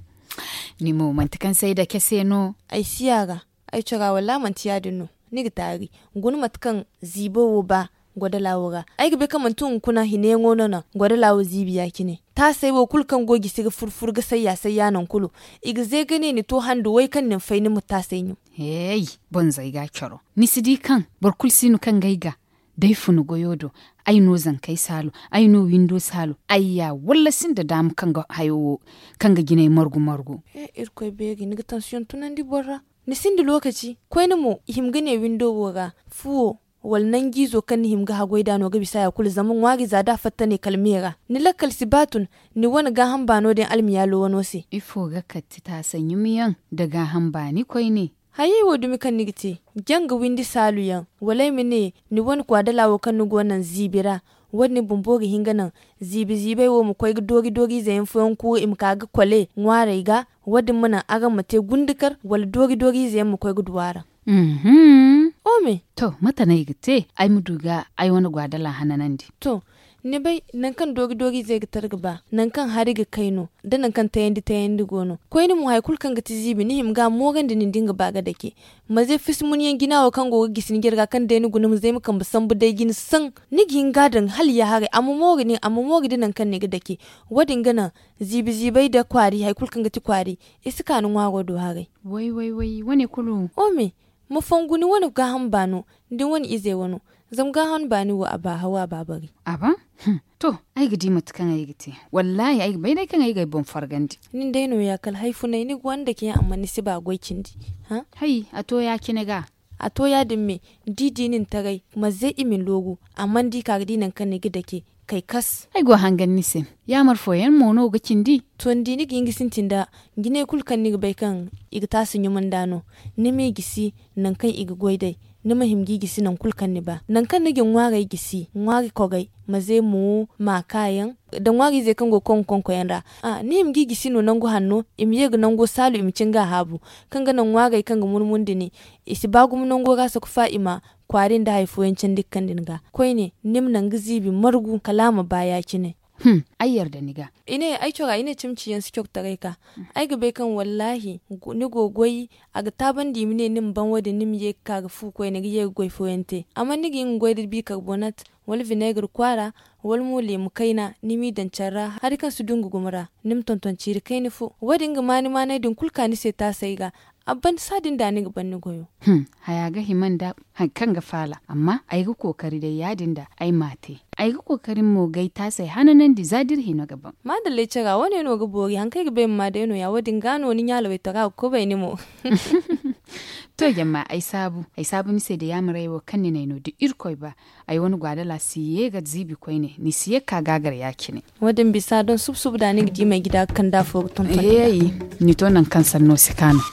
ni mo mantakan sai da kese no ai siyaga ai chaga wala mantiya dinu ni gitari gun matkan zibo wo ba gwada lawo ga aig be kaman tun kuna hine ngono na gwada lawo zibiya kine ta sai wo kul kan gogi siga furfur ga sayya sayya nan kulu iga zai gane ni to handu wai kan nin faini mu ta sai ni hey bon zai ga kyaro ni sidi kan bar kul sinu kan gaiga dai funu goyodo aino zankai salo aino windo salo ya walla sin da dam hayo kan ga gine margu margu eh irko begi ni tension tunan di borra ni sindi lokaci koyni mo himgane windo woga fuwo walnan gizo kan him ga hagoi dano ga bisaya kul zaman wagi za da fatta ne kalmera ni lakal sibatun ni wani ga hamba no den almiya lo wano se ifo ga katti ta sanyi miyan daga hamba ni koi ne haye wo dumi kan nigiti janga windi salu yan walai ne ni wani kwa dala kan nugo nan zibira wani ga hinga nan zibi zibai wo mu koi dogi dogi zayin fuyon ku im ka ga kwale ngware ga wadin muna aga mate gundukar wal dogi dogi zayin mu koi duwara mhm ome oh, to mata na igite ai muduga ai wani gwadala di. to ne bai nan kan dogi dogi zai gitar gaba nan kan hari ga kaino da nan kan tayandi tayandi gono ko ni mu haikul kan ga tizibi ni himga mogan da nin dinga baga dake ma zai fis mun yan wa kan goga gisin girga kan da ni gunu mu zai mukan busan bu dai gin san ni gin gadan hal ya hare amma mogi ni amma mogi da nan kan ne ga dake wadin gana zibi zibai da kwari haikul kan ga ti kwari iska nan wago do hare wai wai wai wani kulu ome oh, mafanguni wani gahan bano din wani ize wani zam gahan bani wa ba hawa babari aba hm. to ai gidi mutkan ai gite wallahi ai bai dai kan ai bon fargandi nin dai no ya kal haifu nai ni wanda ke amma ni si ba goikin di ha hai a to ya ga. a to ya dimme didi nin tagai mazai imin logo amma di ka gidi nan kan ni gidake kai kas aigo hangan nise yamar foyen mono ga kindi tondi ni gingi sintinda gine kulkan ni bai kan iga tasin yuman dano ni me gisi nan kan iga goidai ni mahim gi gisi nan kulkan ni ba nan kan ni gin wagai gisi wagai kogai maze mu ma kayan da wagi zai go kon kon koyan ra Ah, ni im gisi sino nango hanno im yeg nangu salu im cinga habu kanga nan waga kanga murmundi ni isi bagu nango ga sa kufa ima kwarin da haifuwancin dukkan dinga koi ne nimnan gizibi margu kalama baya kine Hmm, ai yarda niga. Ine ai kyora ine cimciyan su kyokta ka. Ai gabe kan wallahi ni gogoyi a ga taban di mine nin ban wadi nim ye ka ga fu ko ne ye goy foyente. Amma ni gin goy di bicarbonate wal vinegar kwara wal mu lemu kaina nimi dan charra har kan su dungu gumra nim tonton ciri ni fu. Wadin ga mani mani din kulka ni se ta sai ga abban sadin da ni gaban ni goyo hmm haya ga himan da kan ga fala amma ai ga kokari da yadin da ai mate ai ga kokarin mo gai ta sai hananan di zadir hino gaban madalle cira wani ga bori han ga bayin ma da yano ya wadin gano ni yalo ta ga ko bai ni mo to yamma ai sabu ai sabu mise da yamma raiwa kan ne no da irkoi ba ai wani la siye ga zibi koi ne ni siye ka gagar yaki ne wadin bisa don sub sub da ni gidi mai gida kan da furtun ta eh ni to nan kan sikana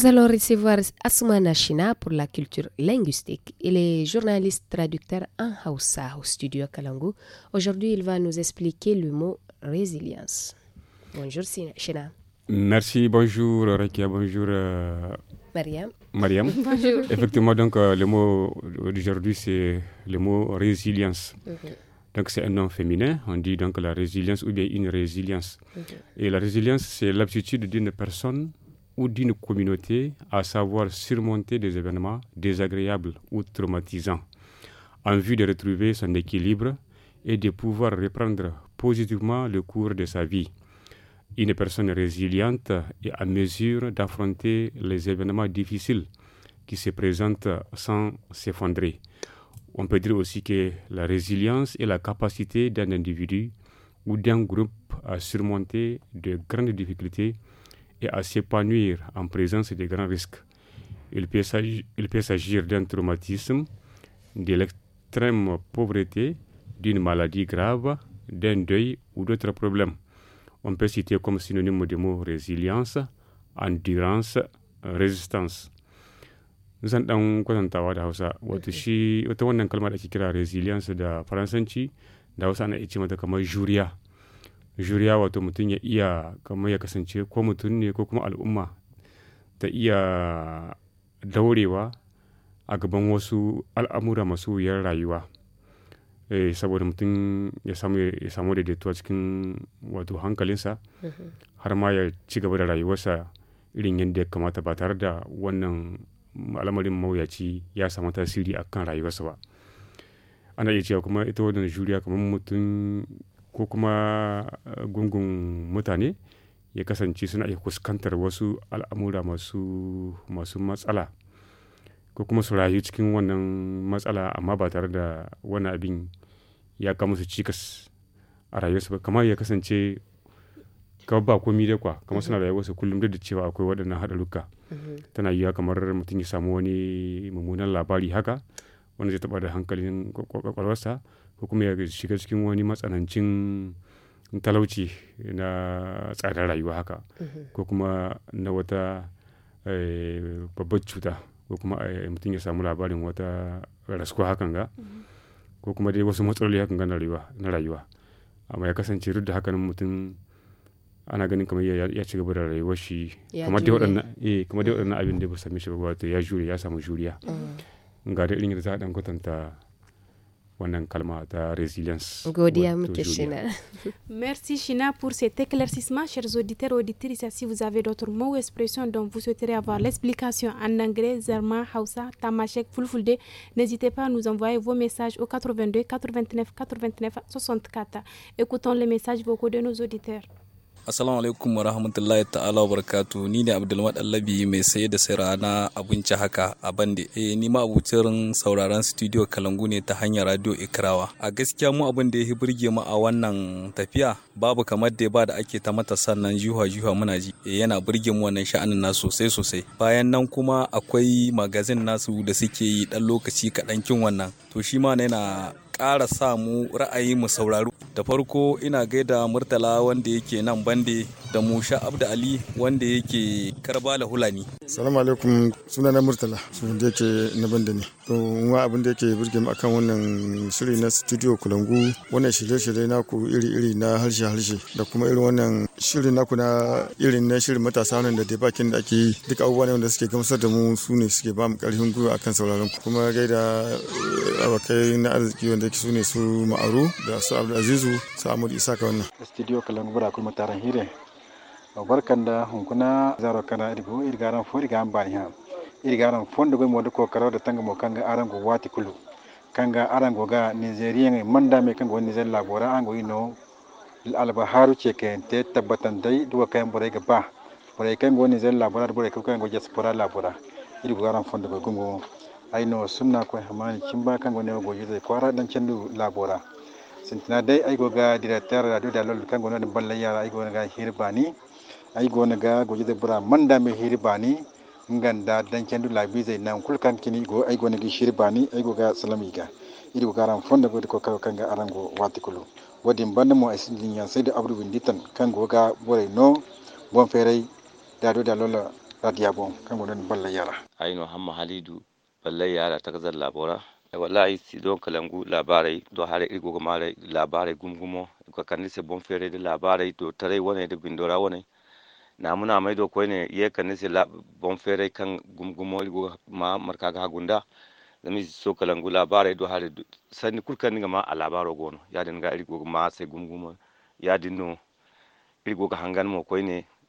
Nous allons recevoir Asma Nashina pour la culture linguistique. Il est journaliste traducteur en Hausa au studio Kalangu. Aujourd'hui, il va nous expliquer le mot résilience. Bonjour Shina. Merci, bonjour Rekia, bonjour euh, Mariam. Mariam. bonjour. Effectivement, donc euh, le mot d'aujourd'hui, c'est le mot résilience. Donc c'est un nom féminin, on dit donc la résilience ou bien une résilience. Et la résilience, c'est l'aptitude d'une personne ou d'une communauté, à savoir surmonter des événements désagréables ou traumatisants, en vue de retrouver son équilibre et de pouvoir reprendre positivement le cours de sa vie. Une personne résiliente est à mesure d'affronter les événements difficiles qui se présentent sans s'effondrer. On peut dire aussi que la résilience est la capacité d'un individu ou d'un groupe à surmonter de grandes difficultés et à s'épanouir en présence de grands risques. Il peut s'agir d'un traumatisme, de l'extrême pauvreté, d'une maladie grave, d'un deuil ou d'autres problèmes. On peut citer comme synonyme de mots résilience, endurance, résistance. Nous dan dans resilience da faransanci juriya wato mutum ya iya kamar ya kasance ko mutum ne ko kuma al'umma ta iya daurewa a gaban wasu al'amura masu wuyar rayuwa eh, saboda mutum ya samu daidaituwa cikin wato hankalinsa mm-hmm. har ma ya ci gaba da rayuwarsa irin yadda ya kamata ba tare da wannan al'amarin mawuyaci ya samu tasiri a kan rayuwarsa ba ana iya cewa kuma ita wannan juriya kamar mutum ko kuma eh, gungun mutane ya kasance suna iya fuskantar wasu al'amura masu matsala ko kuma su rayu cikin wannan matsala amma ba tare da wani abin ya kama su cikas a rayuwarsu ba kamar ya kasance kamar ba komi da kwa kamar suna rayuwar su kullum duk da cewa akwai waɗannan haɗaruka mm-hmm. tana yiwuwa kamar mutum ya samu wani mummunan labari haka wanda zai taɓa da hankalin kwakwalwarsa ko kuma ya shiga cikin wani matsanancin talauci na tsadar rayuwa haka mhm. ko kuma na wata eh, babbar cuta ko kuma eh, mutum ya samu labarin wata rasko hakan ga mhm. ko kuma dai wasu matsaloli hakan ga na rayuwa amma ya kasance duk da hakanan mutum ana ganin kamar ya ci gaba da rayuwar shi kamar dai eh, mm. waɗannan abin da ba same shi ba ya jure ya samu juriya mm. ga da irin da za a ɗan kwatanta wannan kalma ta resilience. Godiya muke Shina. Merci China pour cet éclaircissement, chers auditeurs auditrices. Si vous avez d'autres mots ou expressions dont vous souhaiterez avoir l'explication en anglais, Fulfulde, n'hésitez pas à nous envoyer vos messages au 82 89 89 64. Écoutons les messages beaucoup de nos auditeurs. Assalamu alaikum wa rahmatullahi ta'ala wa barakatu ni ne Abdulmat Allabi mai saye da sayar na abinci haka a bande eh ni ma abucin sauraron studio Kalangu ne ta hanyar radio Ikrawa a gaskiya mu abin da ya burge mu a wannan tafiya babu kamar da ba da ake ta mata sannan juha juha muna ji eh yana burge mu wannan sha'anin na sosai sosai bayan nan kuma akwai magazin nasu da suke yi dan lokaci kaɗan kin wannan to shi ma yana ƙara sa mu ra'ayi mu sauraro da farko ina gaida murtala wanda yake nan bande da musha abda ali wanda yake karbala hulani salamu alaikum suna na murtala su da yake na bande ne to wa abin da yake burge mu akan wannan shiri na studio kulangu wannan shirye-shirye na ku iri-iri na harshe-harshe da kuma irin wannan shirin naku na irin na shirin matasa nan da debakin da ake yi duk abubuwa ne wanda suke gamsar da mu su ne suke ba mu karfin gwiwa akan sauraron kuma gaida eh, abokai na arziki wanda take su ne su ma'aru da su abdulazizu su isa ka wannan studio kalan bura kuma taron hire barkan da hunkuna zaro kana irgo irgaran fo irgan bani ha irgaran fondo go modu ko karo da tanga mo kanga arango wati kulu kanga arango ga nigeria ngai manda me kanga wani zalla gora ango ino albaharu ce ke te tabbatan dai duka kayan burai ga ba burai kan go ni zalla bora burai kan go jaspora labora irgaran fondo go gumo aino sumna ko hamani chimba kango newo go yirde ko wara ɗan cendu labora sintina ay go ga director radio ya da lol kango noon balla yara go ga hirbani aygo ga go yirde bura me hirbani nganda dan cendu zai nan kulkan kini go aygo gi hirbani go ga salamika iri go garan fonda go ko kaw kanga arango wati wadin banda mo ay sindin sai da abdou winditan kango ga bore no bon ferai, da do da lol radiya bon kango noon balla yara aino hamma halidu balai yara ta kazar labora wallahi si don kalangu labarai do hare igo ga mare labarai gumgumo ko kanni se bon fere de labarai to tare wone de bindora wone na muna mai do ko ne ye kanni se bon fere kan gumgumo igo ma marka ga gunda zami so kalangu labarai do hare sanni kurkan ga ma a labaro gono ya din ga igo ma se gumgumo ya din no igo ga hangan mo ko ne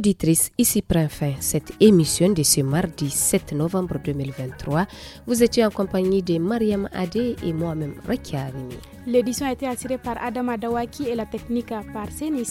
Auditrice, ici prend fin cette émission de ce mardi 7 novembre 2023. Vous étiez en compagnie de Mariam Adé et moi-même Rekia L'édition a été assurée par Adama Dawaki et la technique par Seni